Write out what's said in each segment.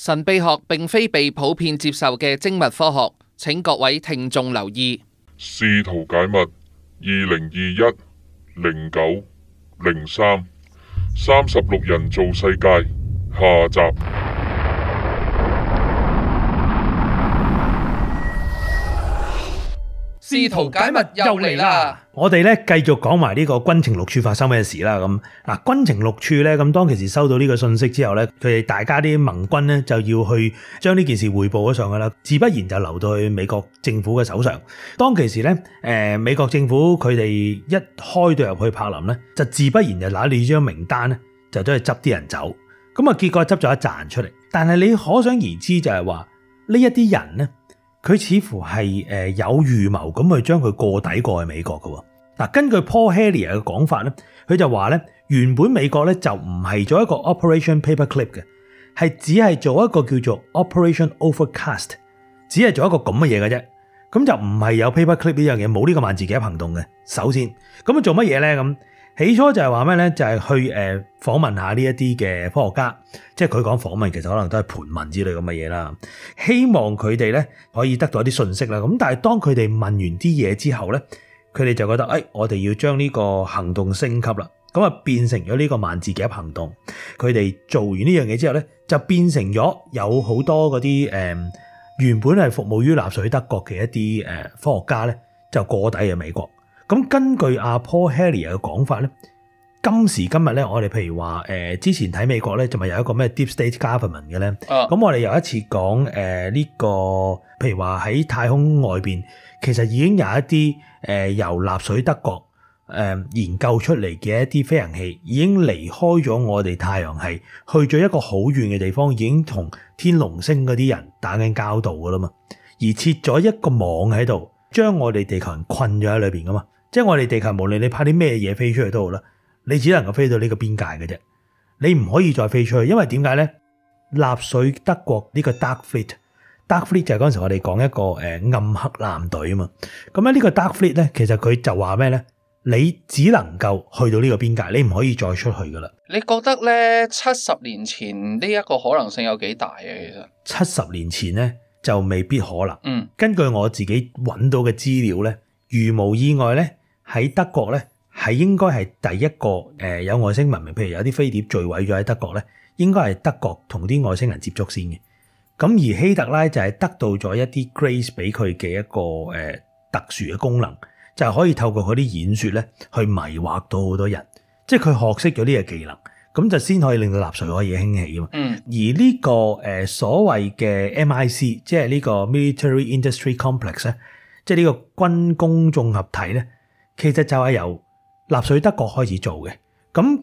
神秘學並非被普遍接受嘅精密科學，請各位聽眾留意。試圖解密，二零二一、零九、零三、三十六人造世界，下集。試圖解密又嚟啦！我哋咧繼續講埋呢個軍情六處發生咩事啦。咁嗱，軍情六處咧，咁當其時收到呢個信息之後咧，佢哋大家啲盟軍咧就要去將呢件事匯報咗上去啦，自不然就留到去美國政府嘅手上。當其時咧，誒，美國政府佢哋一開到入去柏林咧，就自不然就拿呢張名單咧，就去走去執啲人走。咁啊，結果執咗一扎出嚟，但係你可想而知就係話呢一啲人咧。佢似乎係有預謀咁去將佢過底過去美國嘅。嗱，根據 Paul Hellyer 嘅講法咧，佢就話咧原本美國咧就唔係做一個 Operation Paperclip 嘅，係只係做一個叫做 Operation Overcast，只係做一個咁嘅嘢嘅啫。咁就唔係有 Paperclip 呢樣嘢，冇呢個萬字夾行動嘅。首先，咁做乜嘢咧？咁起初就係話咩咧？就係去誒訪問下呢一啲嘅科學家，即係佢講訪問其實可能都係盤問之類咁嘅嘢啦。希望佢哋咧可以得到一啲訊息啦。咁但係當佢哋問完啲嘢之後咧，佢哋就覺得誒，我哋要將呢個行動升級啦。咁啊變成咗呢個萬字夾行動。佢哋做完呢樣嘢之後咧，就變成咗有好多嗰啲誒原本係服務於納粹德國嘅一啲科學家咧，就過底嘅美國。咁根據阿 Paul Hellyer 嘅講法咧，今時今日咧，我哋譬如話，誒之前睇美國咧，就咪有一個咩 Deep State Government 嘅咧，咁、啊、我哋有一次講、這個，誒呢個譬如話喺太空外邊，其實已經有一啲誒由納粹德國誒研究出嚟嘅一啲飛行器，已經離開咗我哋太陽系，去咗一個好遠嘅地方，已經同天龍星嗰啲人打緊交道噶啦嘛，而設咗一個網喺度，將我哋地球人困咗喺裏面噶嘛。即係我哋地球無論，你派啲咩嘢飛出去都好啦，你只能夠飛到呢個邊界嘅啫，你唔可以再飛出去，因為點解咧？納粹德國呢個 dark fleet，dark fleet 就係嗰陣時我哋講一個誒暗黑艦隊啊嘛，咁咧呢個 dark fleet 咧，其實佢就話咩咧？你只能夠去到呢個邊界，你唔可以再出去噶啦。你覺得咧，七十年前呢一個可能性有幾大啊？其實七十年前咧就未必可能。嗯，根據我自己揾到嘅資料咧，如無意外咧。喺德國咧，係應該係第一個誒有外星文明，譬如有啲飛碟墜毀咗喺德國咧，應該係德國同啲外星人接觸先嘅。咁而希特拉就係得到咗一啲 grace 俾佢嘅一個誒特殊嘅功能，就係、是、可以透過佢啲演說咧，去迷惑到好多人，即係佢學識咗呢個技能，咁就先可以令到納粹可以興起啊。嗯，而呢個誒所謂嘅 MIC，即係呢個 Military Industry Complex 咧，即係呢個軍工綜合體咧。其實就係由納粹德國開始做嘅，咁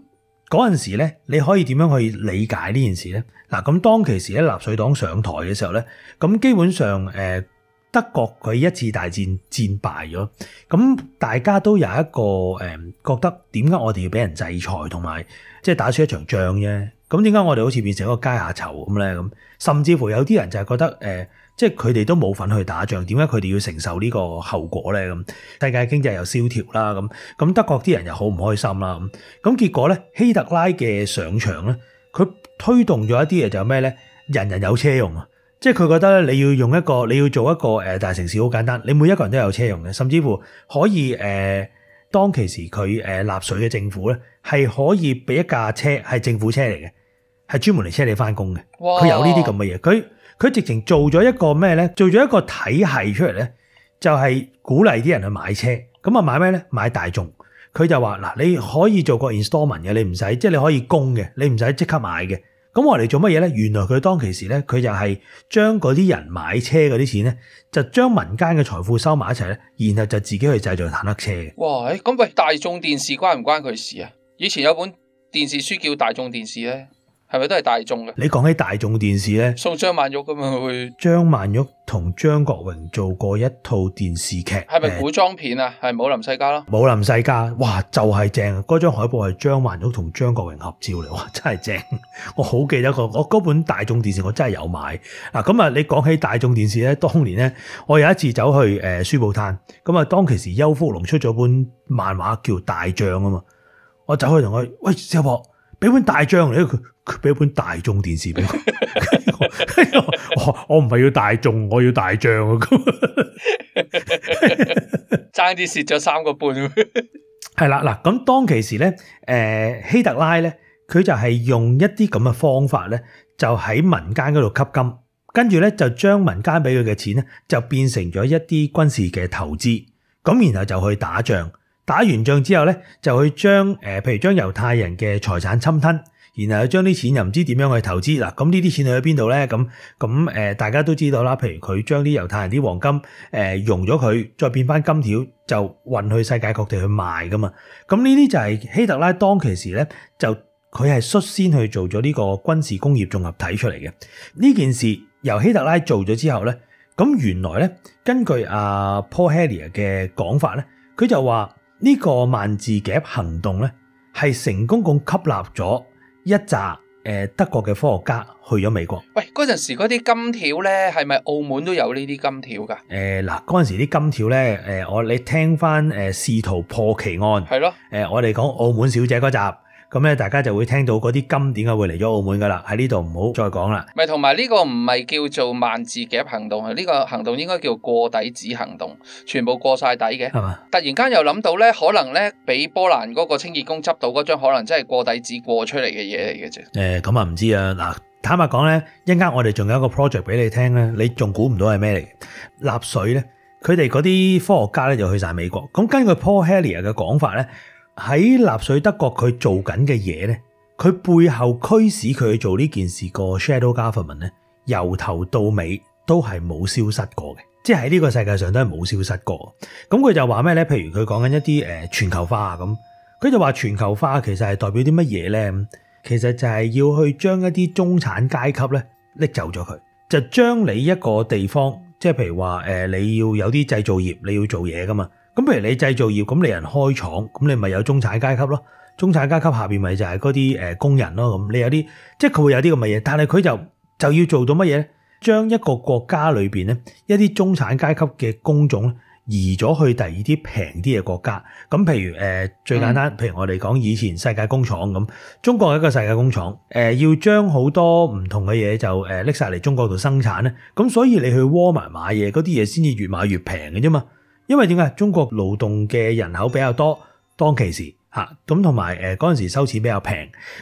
嗰陣時咧，你可以點樣去理解呢件事呢？嗱，咁當其時咧，納粹黨上台嘅時候咧，咁基本上誒德國佢一次大戰戰敗咗，咁大家都有一個誒覺得點解我哋要俾人制裁，同埋即係打輸一場仗啫？咁點解我哋好似變成一個階下囚咁咧？咁甚至乎有啲人就係覺得誒。即係佢哋都冇份去打仗，點解佢哋要承受呢個後果咧？咁世界經濟又蕭條啦，咁咁德國啲人又好唔開心啦。咁結果咧，希特拉嘅上場咧，佢推動咗一啲嘢就係咩咧？人人有車用啊！即係佢覺得咧，你要用一個你要做一個誒大城市好簡單，你每一個人都有車用嘅，甚至乎可以誒、呃、當其時佢誒納稅嘅政府咧，係可以俾一架車係政府車嚟嘅，係專門嚟車你翻工嘅。佢有呢啲咁嘅嘢，佢。佢直情做咗一個咩咧？做咗一個體系出嚟咧，就係鼓勵啲人去買車。咁啊買咩咧？買大眾。佢就話嗱，你可以做個 installment 嘅，你唔使，即係你可以供嘅，你唔使即刻買嘅。咁我嚟做乜嘢咧？原來佢當其時咧，佢就係將嗰啲人買車嗰啲錢咧，就將民間嘅財富收埋一齊咧，然後就自己去製造坦克車。哇！咁喂，大眾電視關唔關佢事啊？以前有本電視書叫《大眾電視》咧。係咪都係大眾嘅？你講起大眾電視咧，送張曼玉咁樣去。張曼玉同張國榮做過一套電視劇，係咪古裝片啊？係《武林世家》咯，《武林世家》哇，就係、是、正！嗰張海報係張曼玉同張國榮合照嚟，哇，真係正！我好記得個，我嗰本大眾電視我真係有買。嗱、啊，咁啊，你講起大眾電視咧，當年咧，我有一次走去誒、呃、書報攤，咁啊，當其時邱福龍出咗本漫畫叫《大將》啊嘛，我走去同佢，喂，小博，俾本大將《大將》嚟。」佢俾一本大眾電視俾我 我唔係要大眾，我要大將啊，咁爭啲蝕咗三個半係啦嗱。咁當其時咧，誒希特拉咧，佢就係用一啲咁嘅方法咧，就喺民間嗰度吸金，跟住咧就將民間俾佢嘅錢咧就變成咗一啲軍事嘅投資，咁然後就去打仗。打完仗之後咧就去將誒，譬如將猶太人嘅財產侵吞。然後佢將啲錢又唔知點樣去投資嗱，咁呢啲錢去咗邊度咧？咁咁誒，大家都知道啦。譬如佢將啲猶太人啲黃金誒融咗佢，再變翻金條，就運去世界各地去賣噶嘛。咁呢啲就係希特拉當其時咧，就佢係率先去做咗呢個軍事工業綜合體出嚟嘅。呢件事由希特拉做咗之後咧，咁原來咧，根據阿 Paul Hellyer 嘅講法咧，佢就話呢個萬字夾行動咧係成功咁吸納咗。一集，誒德國嘅科學家去咗美國。喂，嗰陣時嗰啲金條咧，係咪澳門都有呢啲金條㗎？誒、呃、嗱，嗰陣時啲金條咧，誒、呃、我哋聽返誒試圖破奇案，係咯、呃？我哋講澳門小姐嗰集。咁咧，大家就會聽到嗰啲金點解會嚟咗澳門噶啦，喺呢度唔好再講啦。咪同埋呢個唔係叫做萬字夾行動，呢個行動應該叫過底紙行動，全部過晒底嘅。係嘛？突然間又諗到咧，可能咧，俾波蘭嗰個清潔工執到嗰張可能真係過底紙過出嚟嘅嘢嚟嘅啫。誒，咁啊唔知啊。嗱，坦白講咧，一陣間我哋仲有一個 project 俾你聽咧，你仲估唔到係咩嚟？納粹咧，佢哋嗰啲科學家咧就去晒美國。咁根據 Paul Hellyer 嘅講法咧。喺納粹德國佢做緊嘅嘢呢，佢背後驅使佢去做呢件事個 shadow government 呢，由頭到尾都係冇消失過嘅，即係喺呢個世界上都係冇消失過。咁佢就話咩呢？譬如佢講緊一啲誒全球化啊咁，佢就話全球化其實係代表啲乜嘢呢？其實就係要去將一啲中產階級呢拎走咗佢，就將你一個地方，即係譬如話誒，你要有啲製造業，你要做嘢㗎嘛。咁譬如你製造業，咁你人開廠，咁你咪有中產階級咯。中產階級下邊咪就係嗰啲工人咯。咁你有啲，即係佢會有啲咁嘅嘢，但係佢就就要做到乜嘢咧？將一個國家裏邊咧一啲中產階級嘅工種移咗去第二啲平啲嘅國家。咁譬如最簡單，嗯、譬如我哋講以前世界工廠咁，中國係一個世界工廠。要將好多唔同嘅嘢就誒拎晒嚟中國度生產咧。咁所以你去窩埋買嘢，嗰啲嘢先至越買越平嘅啫嘛。因為點解？中國勞動嘅人口比較多，當其時吓，咁同埋誒嗰陣時收錢比較平，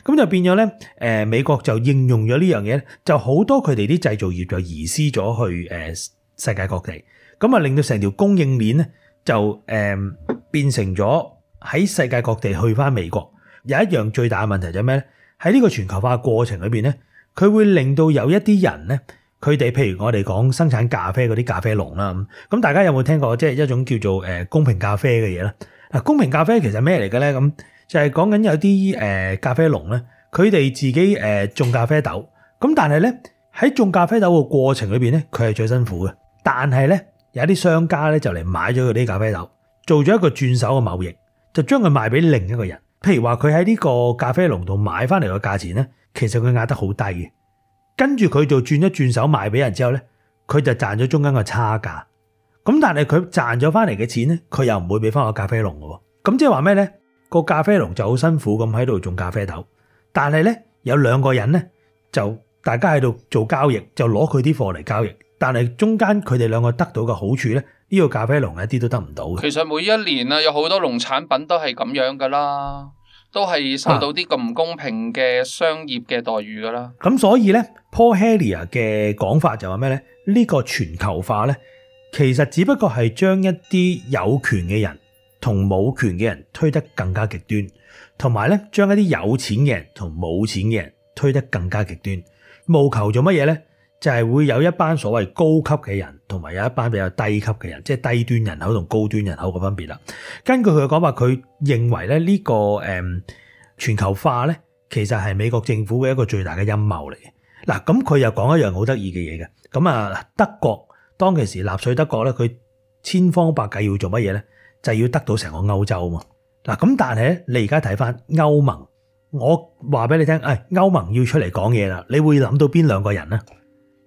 咁就變咗咧。誒，美國就應用咗呢樣嘢咧，就好多佢哋啲製造業就移師咗去誒世界各地，咁啊令到成條供應鏈咧就誒變成咗喺世界各地去返美國。有一樣最大嘅問題就係咩咧？喺呢個全球化過程裏邊咧，佢會令到有一啲人咧。.佢哋，譬如我哋講生產咖啡嗰啲咖啡農啦，咁大家有冇聽過即係一種叫做誒公平咖啡嘅嘢啦嗱，公平咖啡其實咩嚟嘅咧？咁就係講緊有啲誒咖啡農咧，佢哋自己誒種咖啡豆，咁但係咧，喺種咖啡豆嘅過程裏邊咧，佢係最辛苦嘅。但係咧，有啲商家咧就嚟買咗佢啲咖啡豆，做咗一個轉手嘅貿易，就將佢賣俾另一個人。譬如話佢喺呢個咖啡農度買翻嚟嘅價錢咧，其實佢壓得好低嘅。跟住佢就轉一轉手賣俾人之後呢，佢就賺咗中間個差價。咁但係佢賺咗翻嚟嘅錢呢，佢又唔會俾翻個咖啡農喎。咁即係話咩呢？個咖啡農就好辛苦咁喺度種咖啡豆，但係呢，有兩個人呢，就大家喺度做交易，就攞佢啲貨嚟交易。但係中間佢哋兩個得到嘅好處呢，呢、這個咖啡農一啲都得唔到。其實每一年啊，有好多農產品都係咁樣噶啦。都係受到啲咁唔公平嘅商業嘅待遇噶啦。咁、啊、所以咧，Paul Hellyer 嘅講法就係咩咧？呢、呢個全球化咧，其實只不過係將一啲有權嘅人同冇權嘅人推得更加極端，同埋咧將一啲有錢嘅人同冇錢嘅人推得更加極端。務求做乜嘢咧？就係會有一班所謂高級嘅人，同埋有一班比較低級嘅人，即係低端人口同高端人口嘅分別啦。根據佢嘅講法，佢認為咧呢個誒全球化咧，其實係美國政府嘅一個最大嘅陰謀嚟。嗱咁佢又講一樣好得意嘅嘢嘅咁啊。德國當其時納粹德國咧，佢千方百計要做乜嘢咧，就係要得到成個歐洲嘛。嗱咁但係咧，你而家睇翻歐盟，我話俾你聽，誒歐盟要出嚟講嘢啦，你會諗到邊兩個人咧？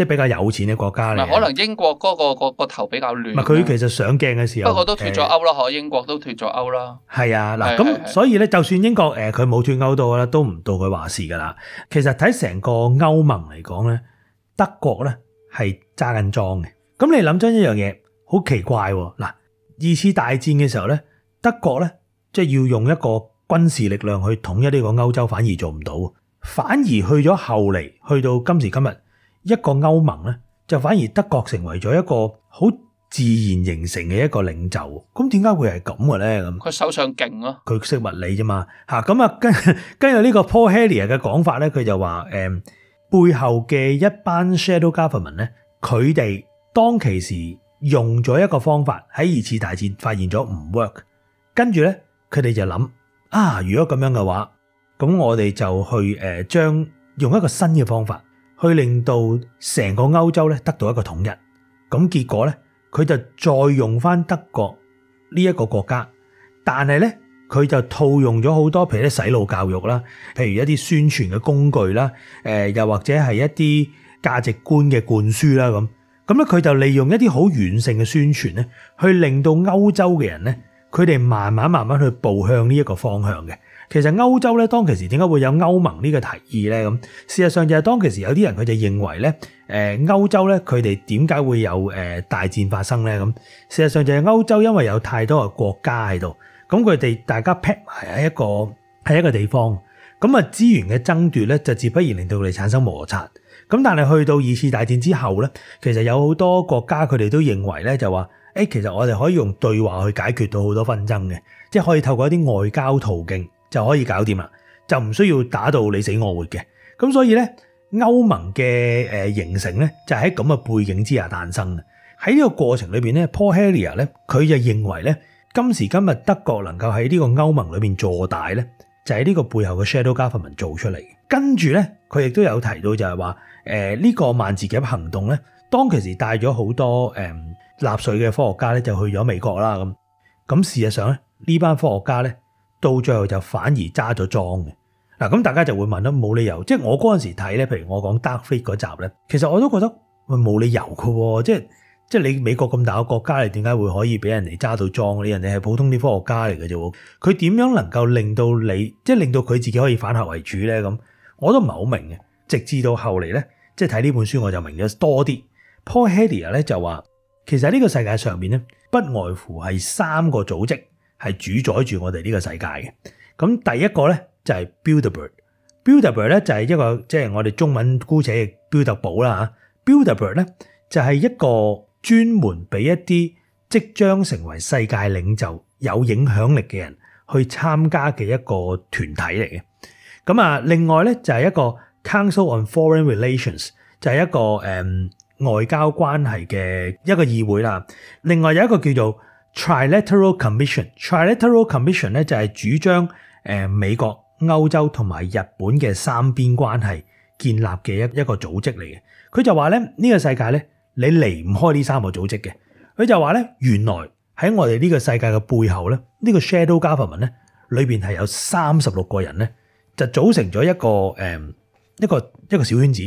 即係比較有錢嘅國家嚟，可能英國嗰個個個頭比較亂。唔係佢其實上鏡嘅時候，不過都脱咗歐咯。嗬，英國都脱咗歐啦。係啊，嗱咁，所以咧，就算英國誒佢冇脱歐到啦，都唔到佢話事噶啦。其實睇成個歐盟嚟講咧，德國咧係揸緊莊嘅。咁你諗真一樣嘢，好奇怪嗱。二次大戰嘅時候咧，德國咧即係要用一個軍事力量去統一呢個歐洲，反而做唔到，反而去咗後嚟，去到今時今日。一個歐盟咧，就反而德國成為咗一個好自然形成嘅一個領袖。咁點解會係咁嘅咧？咁佢手上勁咯，佢識物理啫嘛。吓咁啊，跟跟住呢個 Paul Hellyer 嘅講法咧，佢就話誒，背後嘅一班 Shadow Government 咧，佢哋當其時用咗一個方法喺二次大戰發現咗唔 work，跟住咧佢哋就諗啊，如果咁樣嘅話，咁我哋就去誒，將用一個新嘅方法。去令到成個歐洲咧得到一個統一，咁結果咧佢就再用翻德國呢一個國家，但係咧佢就套用咗好多，譬如洗腦教育啦，譬如一啲宣傳嘅工具啦，誒又或者係一啲價值觀嘅灌輸啦咁，咁咧佢就利用一啲好完性嘅宣傳咧，去令到歐洲嘅人咧，佢哋慢慢慢慢去步向呢一個方向嘅。其實歐洲咧，當其時點解會有歐盟呢個提議咧？咁事實上就係當其時有啲人佢就認為咧，誒歐洲咧佢哋點解會有誒大戰發生咧？咁事實上就係歐洲因為有太多個國家喺度，咁佢哋大家劈埋喺一個喺一個地方，咁啊資源嘅爭奪咧就自不然令到佢哋產生摩擦。咁但係去到二次大戰之後咧，其實有好多國家佢哋都認為咧就話，誒其實我哋可以用對話去解決到好多紛爭嘅，即係可以透過一啲外交途徑。就可以搞掂啦，就唔需要打到你死我活嘅。咁所以呢，歐盟嘅形成呢，就喺咁嘅背景之下誕生嘅。喺呢個過程裏面呢 Paul Hellyer 呢，佢就認為呢，今時今日德國能夠喺呢個歐盟裏面做大呢，就喺呢個背後嘅 Shadow Government 做出嚟。跟住呢，佢亦都有提到就係話，呢個萬字夾行動呢，當其時帶咗好多誒納粹嘅科學家呢，就去咗美國啦咁。咁事實上呢，呢班科學家呢。到最後就反而揸咗裝嘅嗱，咁大家就會問啦，冇理由，即係我嗰陣時睇咧，譬如我講德菲嗰集咧，其實我都覺得冇理由嘅，即係即係你美國咁大個國家，你點解會可以俾人哋揸到裝咧？人哋係普通啲科學家嚟嘅啫，佢點樣能夠令到你，即係令到佢自己可以反客為主咧？咁我都唔係好明嘅，直至到後嚟咧，即係睇呢本書我就明咗多啲。Paul Hellyer 咧就話，其實呢個世界上面咧，不外乎係三個組織。係主宰住我哋呢個世界嘅。咁第一個咧就係 Bilderberg，Bilderberg 咧就係一個即係我哋中文姑且叫 Bilderberg 保啦嚇。Bilderberg 咧就係一個專門俾一啲即將成為世界領袖、有影響力嘅人去參加嘅一個團體嚟嘅。咁啊，另外咧就係一個 Council on Foreign Relations，就係一個誒外交關係嘅一個議會啦。另外有一個叫做 Trilateral Commission，Trilateral Commission 咧 Commission 就係主張誒美國、歐洲同埋日本嘅三邊關係建立嘅一一個組織嚟嘅。佢就話咧呢個世界咧，你離唔開呢三個組織嘅。佢就話咧，原來喺我哋呢個世界嘅背後咧，呢個 Shadow Government 咧裏邊係有三十六個人咧，就組成咗一個誒一個一個小圈子。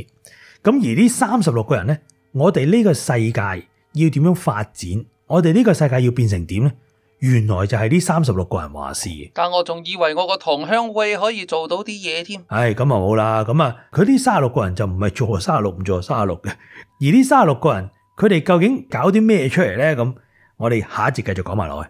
咁而呢三十六個人咧，我哋呢個世界要點樣發展？我哋呢個世界要變成點咧？原來就係呢三十六個人話事。但我仲以為我個同鄉會可以做到啲嘢添。唉，咁啊好啦，咁啊佢呢三十六個人就唔係做三十六唔做三十六嘅，而呢三十六個人佢哋究竟搞啲咩出嚟咧？咁我哋下一節繼續講埋落去。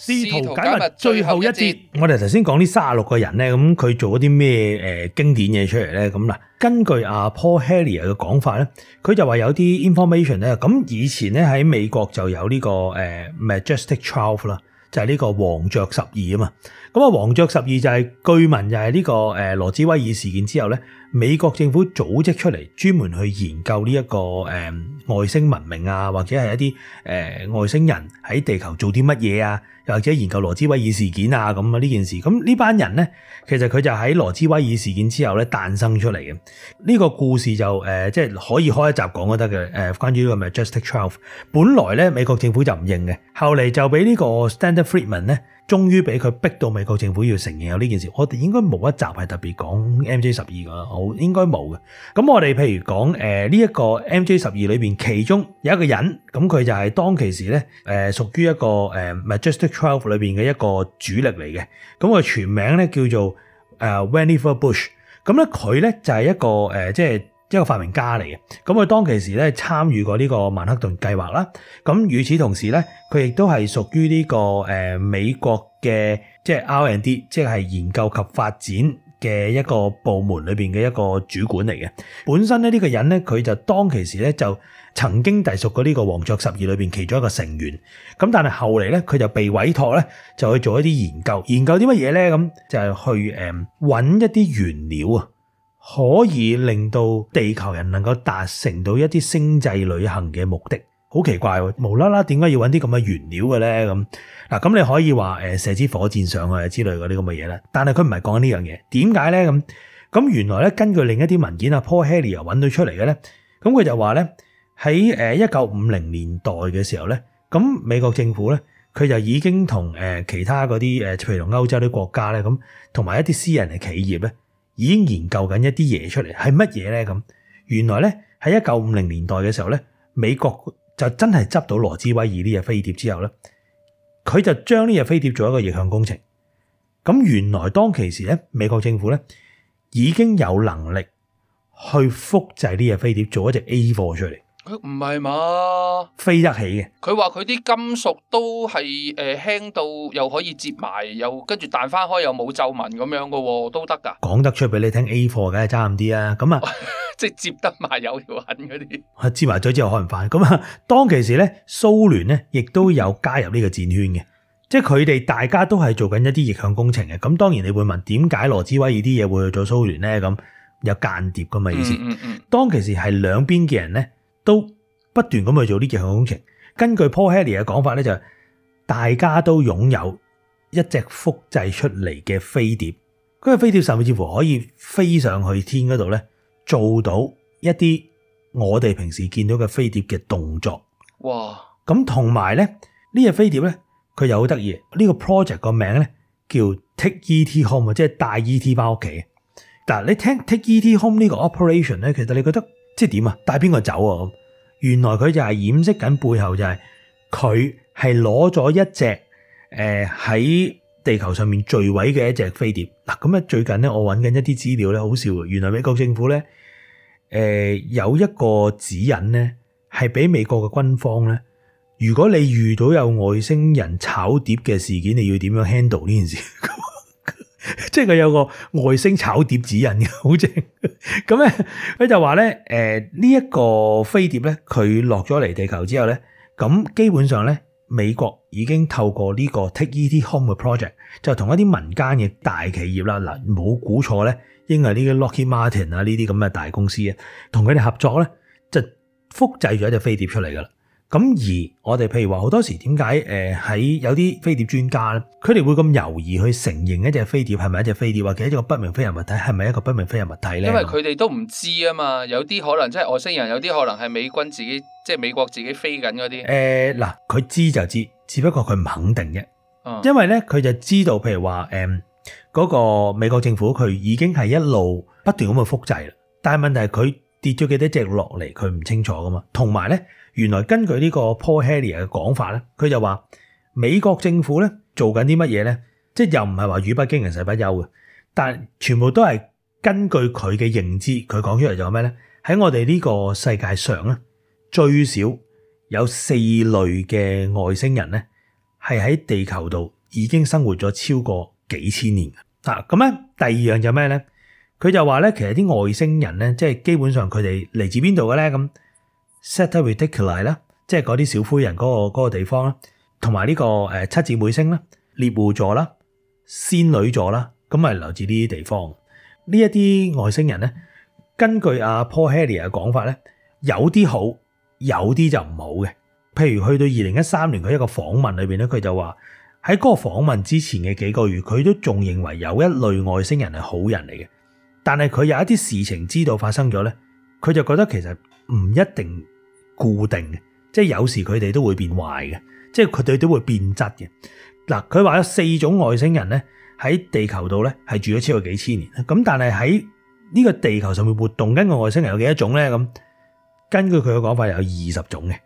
試圖解密最後一節，我哋頭先講呢三十六個人咧，咁佢做咗啲咩誒經典嘢出嚟咧？咁嗱，根據阿 Paul Hellyer 嘅講法咧，佢就話有啲 information 咧，咁以前咧喺美國就有呢個誒 Majestic Twelve 啦，就係呢個皇爵十二啊嘛。咁啊，皇爵十二就係據聞就係呢個誒羅斯威爾事件之後咧，美國政府組織出嚟，專門去研究呢一個誒外星文明啊，或者係一啲誒外星人喺地球做啲乜嘢啊。或者研究羅斯威爾事件啊，咁啊呢件事，咁呢班人咧，其實佢就喺羅斯威爾事件之後咧誕生出嚟嘅。呢個故事就誒，即係可以開一集講都得嘅。誒，關於呢個 Majestic Twelve，本來咧美國政府就唔認嘅，後嚟就俾呢個 Standard Friedman 咧，終於俾佢逼到美國政府要承認有呢件事。我哋應該冇一集係特別講 M J 十二噶，好應該冇嘅。咁我哋譬如講誒呢一個 M J 十二裏面，其中有一個人，咁佢就係當其時咧誒屬於一個 Majestic。Twelve 裏邊嘅一個主力嚟嘅，咁佢全名咧叫做誒 Vannevar Bush，咁咧佢咧就係一個誒即係一個發明家嚟嘅，咁佢當其時咧參與過呢個曼克頓計劃啦，咁與此同時咧，佢亦都係屬於呢個誒美國嘅即係 R and D，即係研究及發展嘅一個部門裏邊嘅一個主管嚟嘅。本身咧，呢個人咧佢就當其時咧就。曾經隸屬過呢個皇爵十二裏面其中一個成員，咁但係後嚟咧，佢就被委託咧，就去做一啲研究，研究啲乜嘢咧？咁就係、是、去誒揾一啲原料啊，可以令到地球人能夠達成到一啲星際旅行嘅目的。好奇怪喎，無啦啦點解要揾啲咁嘅原料嘅咧？咁嗱，咁你可以話誒射支火箭上去之類嗰啲咁嘅嘢咧，但係佢唔係講呢樣嘢，點解咧？咁咁原來咧，根據另一啲文件啊，Paul Hellyer 又揾到出嚟嘅咧，咁佢就話咧。喺誒一九五零年代嘅時候咧，咁美國政府咧，佢就已經同其他嗰啲誒，譬如同歐洲啲國家咧，咁同埋一啲私人嘅企業咧，已經研究緊一啲嘢出嚟係乜嘢咧？咁原來咧，喺一九五零年代嘅時候咧，美國就真係執到羅斯威爾呢隻飛碟之後咧，佢就將呢隻飛碟做一個逆向工程。咁原來當其時咧，美國政府咧已經有能力去複製呢隻飛碟做一隻 A 貨出嚟。唔係嘛，飛得起嘅。佢話佢啲金屬都係誒輕到又可以接埋，又跟住彈翻開又冇皺紋咁樣嘅，都得噶。講得出俾你聽 A 貨梗係，差唔啲啊。咁啊，即係接得埋有條痕嗰啲。接埋咗之後可能返。咁啊，當其時咧，蘇聯咧亦都有加入呢個戰圈嘅，即係佢哋大家都係做緊一啲逆向工程嘅。咁當然你會問，點解羅茲威爾呢啲嘢會去咗蘇聯咧？咁有間諜噶嘛意思？嗯嗯嗯當其時係兩邊嘅人咧，都不斷咁去做呢件工程。根據 Paul Hellyer 嘅講法咧，就大家都擁有一隻複製出嚟嘅飛碟。嗰個飛碟甚至乎可以飛上去天嗰度咧，做到一啲我哋平時見到嘅飛碟嘅動作。哇！咁同埋咧，呢隻飛碟咧，佢又好得意。呢、呢個 project 個名咧叫 Take ET Home，即係帶 ET 翻屋企。但，你聽 Take ET Home 呢個 operation 咧，其實你覺得？即係點啊？帶邊個走啊？原來佢就係掩飾緊背後，就係佢係攞咗一隻誒喺地球上面墜毀嘅一隻飛碟嗱。咁啊，最近咧，我揾緊一啲資料咧，好笑嘅。原來美國政府咧誒，有一個指引咧，係俾美國嘅軍方咧，如果你遇到有外星人炒碟嘅事件，你要點樣 handle 呢件事？即係佢有個外星炒碟指引嘅，好正。咁咧佢就話咧，誒呢一個飛碟咧，佢落咗嚟地球之後咧，咁基本上咧，美國已經透過呢個 Take E T Home 嘅 project，就同一啲民間嘅大企業啦，嗱冇估錯咧，應係呢啲 Lockheed Martin 啊呢啲咁嘅大公司啊，同佢哋合作咧，就複製咗一隻飛碟出嚟噶啦。咁而我哋譬如話好多時點解誒喺有啲飛碟專家咧，佢哋會咁猶豫去承認一隻飛碟係咪一隻飛碟，或者一個不明飛行物體係咪一個不明飛行物體咧？因為佢哋都唔知啊嘛，有啲可能即係外星人，有啲可能係美軍自己，即係美國自己飛緊嗰啲。誒，嗯，嗱，佢知就知，只不過佢唔肯定啫。因為咧佢就知道，譬如話誒嗰個美國政府，佢已經係一路不斷咁去複製啦。但係問題係佢。跌咗幾多隻落嚟，佢唔清楚噶嘛。同埋咧，原來根據呢個 Paul Hellyer 嘅講法咧，佢就話美國政府咧做緊啲乜嘢咧？即係又唔係話語不驚人誓不休嘅，但全部都係根據佢嘅認知，佢講出嚟就係咩咧？喺我哋呢個世界上咧，最少有四類嘅外星人咧，係喺地球度已經生活咗超過幾千年嘅。嗱，咁咧第二樣就係咩咧？佢就話咧，其實啲外星人咧，即係基本上佢哋嚟自邊度嘅咧？咁 Zeta Reticuli 啦，Declay, 即係嗰啲小灰人嗰、那個嗰、那個、地方啦，同埋呢個七姊妹星啦、獵戶座啦、仙女座啦，咁咪嚟自呢啲地方。呢一啲外星人咧，根據阿 Paul Hellyer 嘅講法咧，有啲好，有啲就唔好嘅。譬如去到二零一三年佢一個訪問裏面咧，佢就話喺嗰個訪問之前嘅幾個月，佢都仲認為有一類外星人係好人嚟嘅。但係佢有一啲事情知道發生咗咧，佢就覺得其實唔一定固定嘅，即係有時佢哋都會變壞嘅，即係佢哋都會變質嘅。嗱，佢話有四種外星人咧喺地球度咧係住咗超過幾千年。咁但係喺呢個地球上面活動，跟外星人有幾多種咧？咁根據佢嘅講法有，有二十種嘅。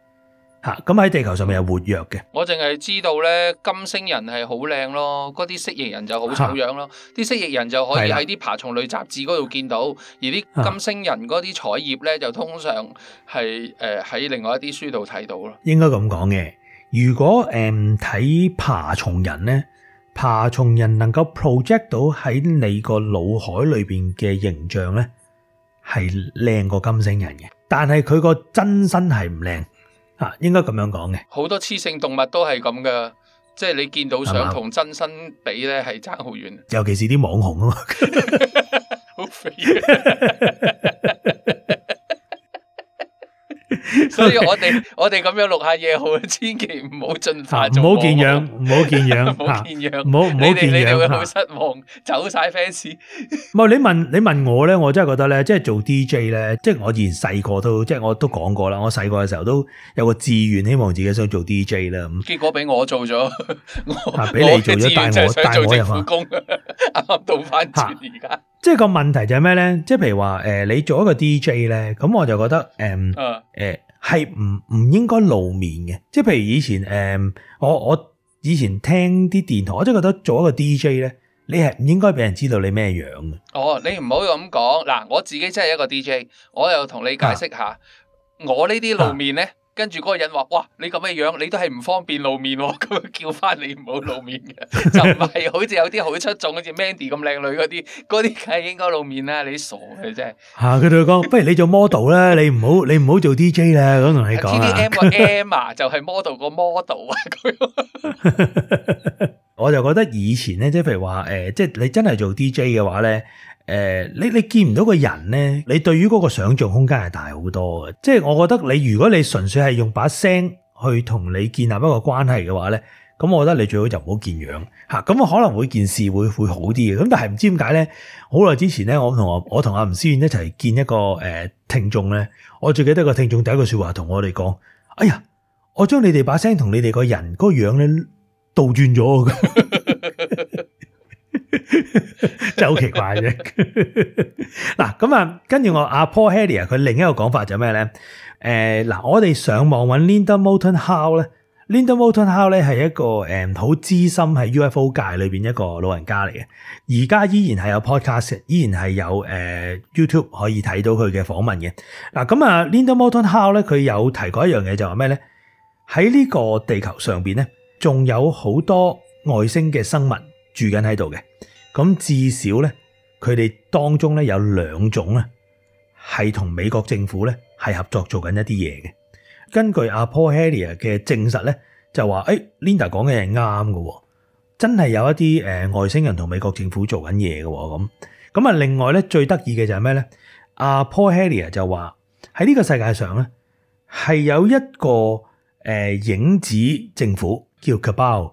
嚇，咁喺地球上面有活躍嘅。我淨係知道咧，金星人係好靚咯，嗰啲蜥蜴人就好醜樣咯。啲蜥蜴人就可以喺啲爬蟲類雜誌嗰度見到，而啲金星人嗰啲彩頁咧就通常係誒喺另外一啲書度睇到咯。應該咁講嘅，如果誒睇爬蟲人咧，爬蟲人能夠 project 到喺你個腦海裏邊嘅形象咧係靚過金星人嘅，但係佢個真身係唔靚。啊、應該咁樣講嘅，好多雌性動物都係咁嘅，即係你見到相同真身比咧，係差好遠。尤其是啲網紅啊嘛，好 肥的。 所以我哋、okay. 我哋咁樣錄下嘢好，千祈唔好進化唔好見樣，唔好見樣，唔好見樣，唔好唔好見樣，你,你會好失望，走晒 fans。唔係你問你問我咧，我真係覺得咧，即係做 DJ 咧，即係我以前細個都，即係我都講過啦，我細個嘅時候都有個志願，希望自己想做 DJ 啦。結果俾我做咗，俾你做咗，但係想做政府工，啱啱倒翻自家。即係個問題就係咩咧？即係譬如話誒、呃，你做一個 DJ 咧，咁我就覺得誒誒係唔唔應該露面嘅。即係譬如以前誒、呃，我我以前聽啲電台，我即係覺得做一個 DJ 咧，你係唔應該俾人知道你咩樣嘅。哦，你唔好咁講嗱，我自己真係一個 DJ，我又同你解釋下，啊、我呢啲露面咧。啊跟住嗰個人話：，哇！你咁嘅樣，你都係唔方便露面喎，咁 叫翻你唔好露面嘅， 就唔係好似有啲好出眾，好 似 Mandy 咁靚女嗰啲，嗰啲梗係應該露面啦。你傻嘅啫。吓、啊、佢對佢講：， 不如你做 model 啦，你唔好你唔好做 DJ 啦。咁 同你講啊。TDM 個 m 就係 model 個 model 啊！佢，我就覺得以前咧，即係譬如話誒，即係你真係做 DJ 嘅話咧。誒、呃，你你見唔到個人咧，你對於嗰個想象空間係大好多嘅，即係我覺得你如果你純粹係用把聲去同你建立一個關係嘅話咧，咁我覺得你最好就唔好見樣吓，咁、啊、可能會件事會會好啲嘅。咁但係唔知點解咧，好耐之前咧，我同我同阿吳思遠一齊見一個誒、呃、聽眾咧，我最記得個聽眾第一句說話同我哋講：，哎呀，我將你哋把聲同你哋個人嗰個樣咧倒轉咗。 真係好奇怪嘅。 嗱咁啊，跟住我阿 Paul Hellyer 佢另一個講法就咩咧？誒，嗱，我哋上網搵 Linda Moulton Howe 咧，Linda Moulton Howe 咧係一個誒好資深喺 UFO 界裏邊一個老人家嚟嘅，而家依然係有 podcast，依然係有誒、呃、YouTube 可以睇到佢嘅訪問嘅。嗱、呃、咁啊，Linda Moulton Howe 咧，佢有提過一樣嘢就係咩咧？喺呢個地球上邊咧，仲有好多外星嘅生物住緊喺度嘅。咁至少咧，佢哋當中咧有兩種咧，係同美國政府咧係合作做緊一啲嘢嘅。根據阿 Paul Hellyer 嘅證實咧，就話，誒 Linda 講嘅係啱嘅，真係有一啲誒外星人同美國政府做緊嘢嘅。咁咁啊，另外咧最得意嘅就係咩咧？阿 Paul Hellyer 就話喺呢個世界上咧，係有一個誒影子政府叫 Cabal。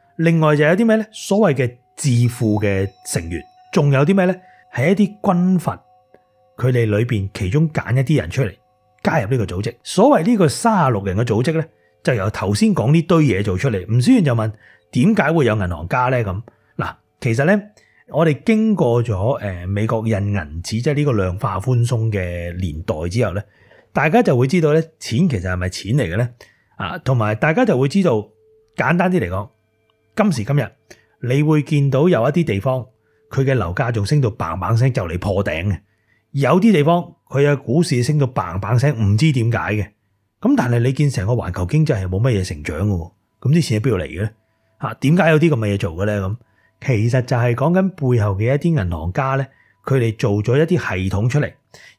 另外就有啲咩咧？所謂嘅智庫嘅成員，仲有啲咩咧？係一啲軍閥，佢哋裏邊其中揀一啲人出嚟加入呢個組織。所謂呢個三十六人嘅組織咧，就由頭先講呢堆嘢做出嚟。吳思遠就問：點解會有銀行家咧？咁嗱，其實咧，我哋經過咗誒美國印銀紙，即係呢個量化寬鬆嘅年代之後咧，大家就會知道咧，錢其實係咪錢嚟嘅咧？啊，同埋大家就會知道，簡單啲嚟講。今時今日，你會見到有一啲地方，佢嘅樓價仲升到棒棒聲就嚟破頂嘅；有啲地方佢嘅股市升到棒棒聲，唔知點解嘅。咁但係你見成個環球經濟係冇乜嘢成長嘅，咁啲錢喺邊度嚟嘅咧？嚇、啊，點解有啲咁嘅嘢做嘅咧？咁其實就係講緊背後嘅一啲銀行家咧，佢哋做咗一啲系統出嚟，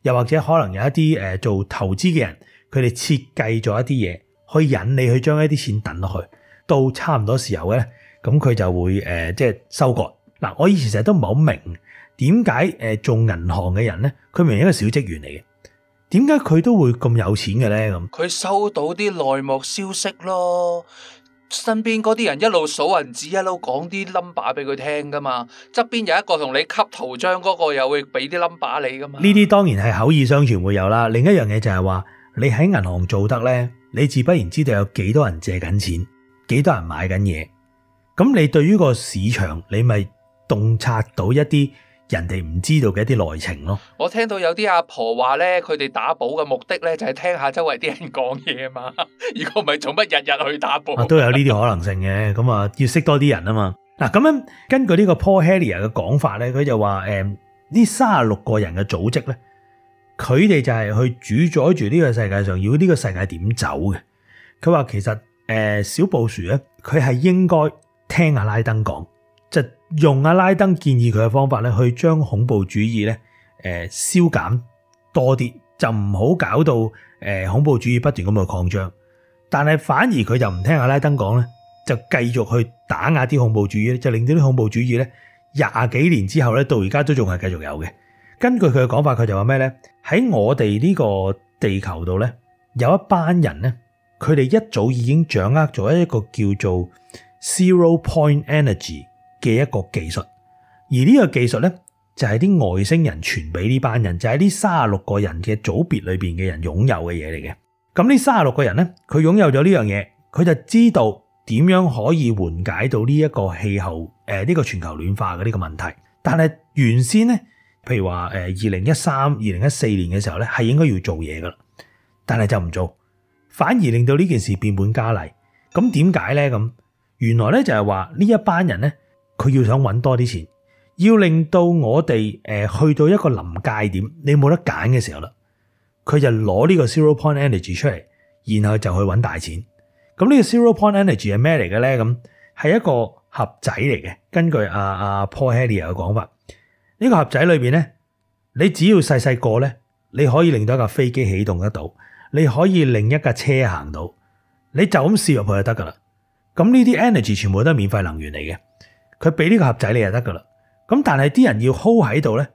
又或者可能有一啲誒做投資嘅人，佢哋設計咗一啲嘢，可以引你去將一啲錢抌落去，到差唔多時候咧。咁佢就會、呃、即係收割嗱。我以前成日都唔係好明點解誒做銀行嘅人咧，佢明明一個小職員嚟嘅，點解佢都會咁有錢嘅咧？咁佢收到啲內幕消息咯，身邊嗰啲人一路數銀紙，一路講啲 number 俾佢聽㗎嘛。側邊有一個同你吸圖章嗰個又會俾啲 number 你㗎嘛。呢啲當然係口耳相傳會有啦。另一樣嘢就係話你喺銀行做得咧，你自不然知道有幾多人借緊錢，幾多人買緊嘢。咁你對於個市場，你咪洞察到一啲人哋唔知道嘅一啲內情咯。我聽到有啲阿婆話咧，佢哋打保嘅目的咧就係聽下周圍啲人講嘢嘛。如果唔係做乜日日去打保？都有呢啲可能性嘅。咁啊，要識多啲人啊嘛。嗱，咁樣根據呢個 Paul Hellyer 嘅講法咧，佢就話誒，呢三十六個人嘅組織咧，佢哋就係去主宰住呢個世界上，如果呢個世界點走嘅，佢話其實誒小布殊咧，佢係應該。聽阿拉登講，就用阿拉登建議佢嘅方法咧，去將恐怖主義咧誒消減多啲,就唔好搞到誒恐怖主義不斷咁去擴張。但係反而佢就唔聽阿拉登講咧，就繼續去打壓啲恐怖主義咧，就令到啲恐怖主義咧廿幾年之後咧，到而家都仲係繼續有嘅。根據佢嘅講法，佢就話咩咧？喺我哋呢個地球度咧，有一班人咧，佢哋一早已經掌握咗一個叫做。Zero Point Energy 嘅一個技術，而呢個技術咧就係啲外星人傳俾呢班人，就係呢三十六個人嘅組別裏面嘅人擁有嘅嘢嚟嘅。咁呢三十六個人咧，佢擁有咗呢樣嘢，佢就知道點樣可以緩解到呢一個氣候誒呢個全球暖化嘅呢個問題。但係原先咧，譬如話誒二零一三、二零一四年嘅時候咧，係應該要做嘢噶啦，但係就唔做，反而令到呢件事變本加厲。咁點解咧？咁？原來咧就係話呢一班人咧，佢要想揾多啲錢，要令到我哋誒去到一個臨界點，你冇得揀嘅時候啦，佢就攞呢個 zero point energy 出嚟，然後就去揾大錢。咁呢個 zero point energy 係咩嚟嘅咧？咁係一個盒仔嚟嘅。根據啊阿 Paul Hellyer 嘅講法，呢個盒仔裏面咧，你只要細細個咧，你可以令到一架飛機起動得到，你可以令一架車行到，你就咁試入去就得噶啦。咁呢啲 energy 全部都係免費能源嚟嘅，佢俾呢個盒仔你就得噶啦。咁但係啲人要 hold 喺度咧，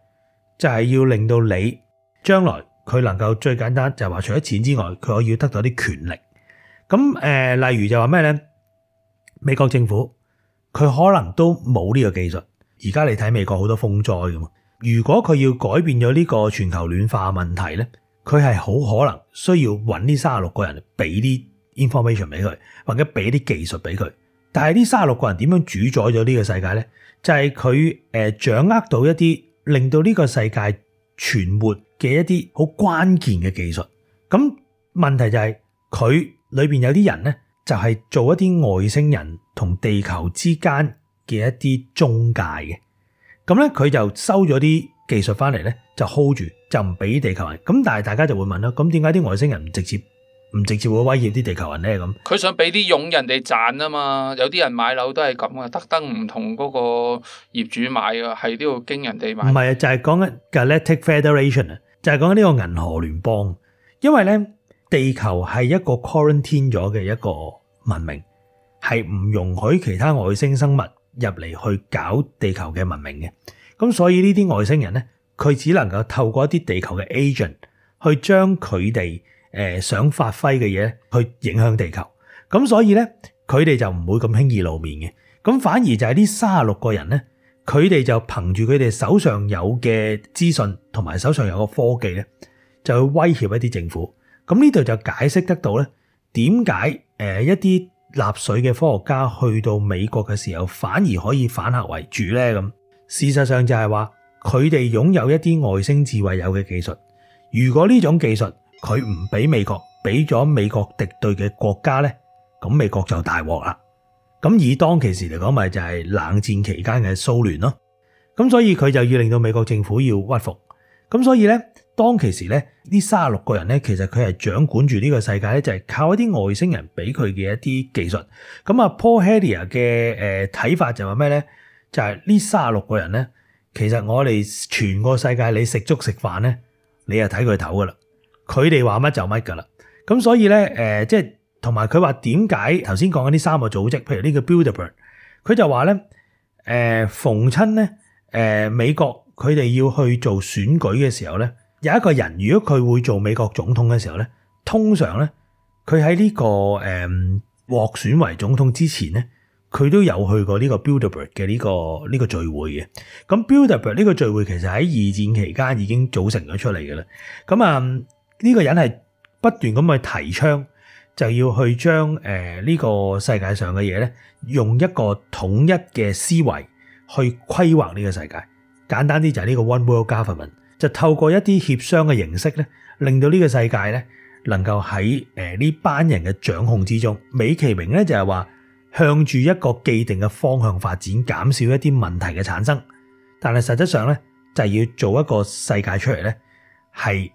就係要令到你將來佢能夠最簡單就係話除咗錢之外，佢可以得到啲權力。咁誒，例如就話咩咧？美國政府佢可能都冇呢個技術。而家你睇美國好多風災噶嘛，如果佢要改變咗呢個全球暖化問題咧，佢係好可能需要搵呢三十六個人俾啲。information 俾佢，或者俾啲技術俾佢。但係呢三十六個人點樣主宰咗呢個世界呢？就係佢誒掌握到一啲令到呢個世界存活嘅一啲好關鍵嘅技術。咁問題就係佢裏面有啲人呢，就係做一啲外星人同地球之間嘅一啲中介嘅。咁呢，佢就收咗啲技術翻嚟呢，就 hold 住，就唔俾地球人。咁但係大家就會問啦，咁點解啲外星人唔直接？唔直接會威脅啲地球人咧，咁，佢想俾啲傭人哋賺啊嘛！有啲人買樓都係咁啊，特登唔同嗰個業主買啊，都要經人哋買。唔係啊，就係講緊 Galactic Federation 啊，就係講緊呢個銀河聯邦。因為咧，地球係一個 quarantine 咗嘅一個文明，係唔容許其他外星生物入嚟去搞地球嘅文明嘅。咁所以呢啲外星人咧，佢只能夠透過一啲地球嘅 agent 去將佢哋。誒想發揮嘅嘢去影響地球，咁所以呢，佢哋就唔會咁輕易露面嘅。咁反而就係呢三十六個人呢，佢哋就憑住佢哋手上有嘅資訊同埋手上有個科技呢，就去威脅一啲政府。咁呢度就解釋得到呢，點解誒一啲納粹嘅科學家去到美國嘅時候，反而可以反客為主呢。咁事實上就係話佢哋擁有一啲外星智慧有嘅技術，如果呢種技術。佢唔俾美國，俾咗美國敵對嘅國家咧，咁美國就大鑊啦。咁以當其時嚟講，咪就係冷戰期間嘅蘇聯咯。咁所以佢就要令到美國政府要屈服。咁所以咧，當其時咧，呢三十六個人咧，其實佢係掌管住呢個世界咧，就係、是、靠一啲外星人俾佢嘅一啲技術。咁啊，Paul Hellyer 嘅睇法就係咩咧？就係呢三十六個人咧，其實我哋全個世界你食粥食飯咧，你就睇佢頭噶啦。佢哋話乜就乜㗎啦，咁所以咧，誒、呃，即係同埋佢話點解頭先講緊呢三個組織，譬如個呢個 Bilderberg，佢就話咧，誒、呃，逢親咧，誒、呃，美國佢哋要去做選舉嘅時候咧，有一個人如果佢會做美國總統嘅時候咧，通常咧，佢喺呢個誒獲、嗯、選為總統之前咧，佢都有去過呢個 Bilderberg e 嘅、這、呢個呢、這個聚會嘅。咁 Bilderberg 呢個聚會其實喺二戰期間已經組成咗出嚟嘅啦。咁、嗯、啊～呢、這個人係不斷咁去提倡，就要去將誒呢個世界上嘅嘢咧，用一個統一嘅思維去規劃呢個世界。簡單啲就係呢個 One World Government，就透過一啲協商嘅形式咧，令到呢個世界咧能夠喺誒呢班人嘅掌控之中。美其名咧就係話向住一個既定嘅方向發展，減少一啲問題嘅產生。但係實質上咧就係要做一個世界出嚟咧係。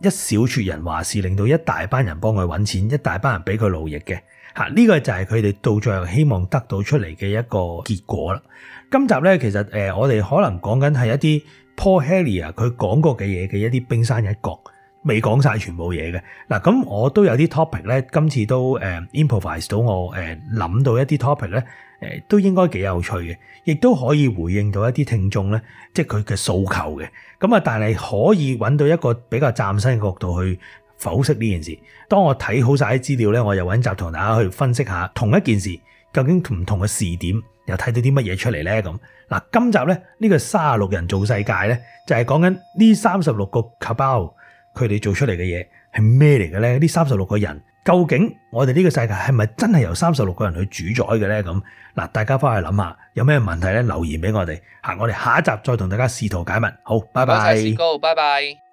一小撮人話事，令到一大班人幫佢搵錢，一大班人俾佢勞役嘅吓，呢個就係佢哋到最後希望得到出嚟嘅一個結果啦。今集咧，其實誒，我哋可能講緊係一啲 Paul Hellyer 佢講過嘅嘢嘅一啲冰山一角。未講晒全部嘢嘅嗱，咁我都有啲 topic 咧，今次都誒 improvise 到我誒諗到一啲 topic 咧，誒都應該幾有趣嘅，亦都可以回應到一啲聽眾咧，即係佢嘅訴求嘅。咁啊，但係可以揾到一個比較嶄新嘅角度去剖析呢件事。當我睇好晒啲資料咧，我又揾集同大家去分析下同一件事，究竟唔同嘅視點又睇到啲乜嘢出嚟咧？咁嗱，今集咧呢、這個三十六人造世界咧，就係講緊呢三十六個卡包佢哋做出嚟嘅嘢係咩嚟嘅咧？呢三十六個人究竟我哋呢個世界係咪真係由三十六個人去主宰嘅咧？咁嗱，大家翻去諗下，有咩問題咧？留言俾我哋，行我哋下一集再同大家試圖解密。好，拜拜。高，拜拜。